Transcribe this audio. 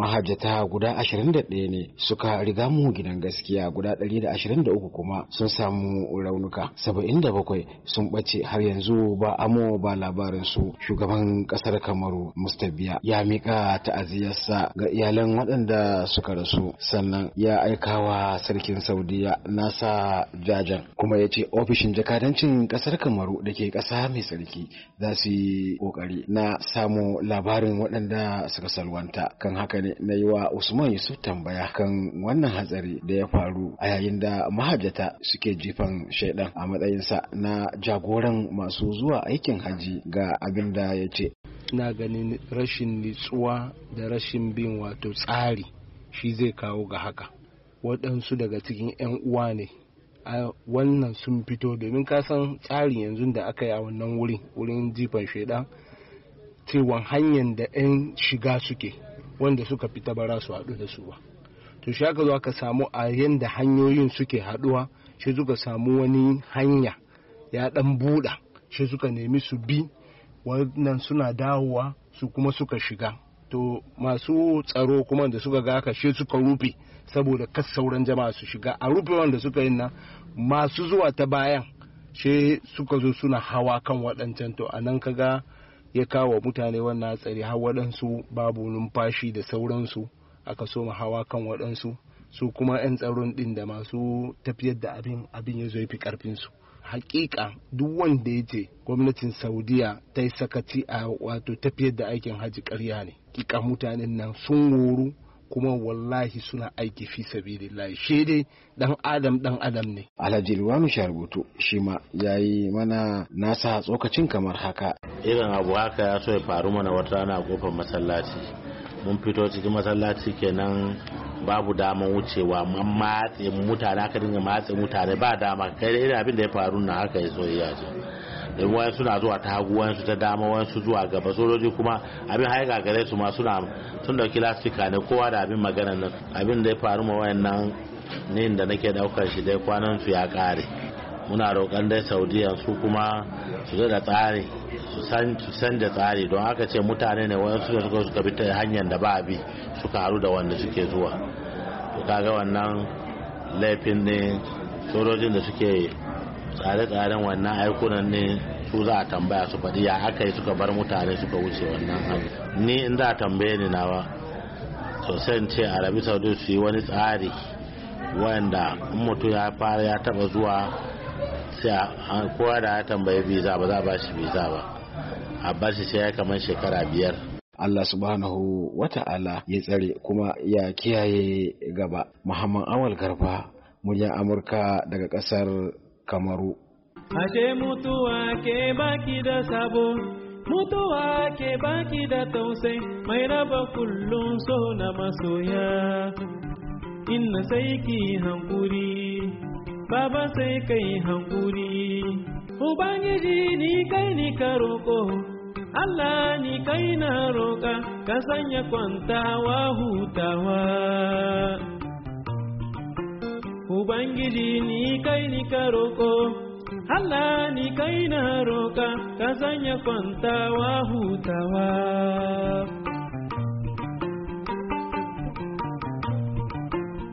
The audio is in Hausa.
mahajjata guda 21 ne suka riga mu gidan gaskiya guda 123 kuma sun samu raunuka 77 sun bace har yanzu ba amo ba labarin su shugaban ƙasar kamaru mustabiya ya miƙa ta'aziyarsa ga iyalan waɗanda suka rasu sannan ya aika wa sarkin saudiya nasa jajan kuma ya ce ofishin jakadancin ƙasar kamaru da ke ƙasa mai sarki za su yi ƙoƙari na samu labarin waɗanda suka salwanta kan haka ne na yi wa Usman Yusuf tambaya kan wannan hatsari da ya faru a yayin da mahajjata suke jifan shaidan a matsayinsa na jagoran masu zuwa aikin haji ga abin da ya ce. Na ganin rashin nitsuwa da rashin bin wato tsari shi zai kawo ga haka. Waɗansu daga cikin 'yan uwa ne a wannan sun fito domin kasan tsarin yanzu da aka yi a wannan wurin wurin jifan shaidan cewa hanyar da 'yan shiga suke wanda suka fita bara su haɗu da su ba to shi aka zo aka samu a yanda hanyoyin suke haɗuwa shi suka samu wani hanya ya ɗan buɗa shi suka nemi su bi wannan suna dawowa su kuma suka shiga to masu tsaro kuma da suka ga haka shi suka rufe saboda kas sauran jama'a su shiga a rufe wanda suka yi nan masu zuwa ta bayan shi suka zo suna hawa kan waɗancan to a nan kaga ya kawo mutane wannan hatsari har waɗansu babu numfashi da sauransu aka mu hawa kan waɗansu su kuma 'yan tsaron ɗin da masu tafiyar da abin abin ya zo ya fi ƙarfinsu hakika duk wanda ya ce gwamnatin saudiya ta yi sakaci a wato tafiyar da aikin hajji karya ne kika mutanen nan sun woru kuma wallahi suna aiki fi sabilillahi shi dai dan adam dan adam ne alhaji ruwanu Rubutu shi ma yayi mana nasa tsokacin kamar haka irin abu haka ya so ya faru mana wata rana a kofar masallaci mun fito cikin masallaci kenan babu dama wucewa man matse mutane aka dinga matse mutane ba dama kai da irin abin da ya faru na haka ya so ya zo don wani suna zuwa ta hagu wani su ta dama wani su zuwa gaba sojoji kuma abin haika gare su ma suna sun dauki lastika ne kowa da abin magana nan abin da ya faru ma wayannan ne da nake daukar shi dai kwanan su ya kare muna roƙon dai saudiya su kuma su da tsari su san da tsari don aka ce mutane ne wani da suka suka bi ta hanyar da ba bi suka haru da wanda suke zuwa to kaga wannan laifin ne sojojin da suke tsare-tsaren wannan aikunan ne su za a tambaya su faɗi ya aka yi suka bar mutane suka wuce wannan hanyar ni in za a tambaye ni nawa sosai ce arabi saudi su yi wani tsari wanda in mutum ya fara ya taba zuwa sai kowa da ya tambayi visa ba za a ba shi visa ba a shi sai ya kamar shekara biyar Allah subhanahu wa ta'ala ya tsare kuma ya kiyaye gaba Muhammad Awal Garba muryar Amurka daga kasar Kamaru Ashe mutuwa ke baki da sabo mutuwa ke baki da tausai mai raba kullum so na masoya inna saiki ki hankuri baba sai kai hankuri ubangiji ni kai ni ka roƙo Allah ni kai na roƙa ka sanya kwantawa hutawa. Ubangiji ni kai ni ka roƙo, Allah ni kai na roƙa ka sanya kwantawa hutawa.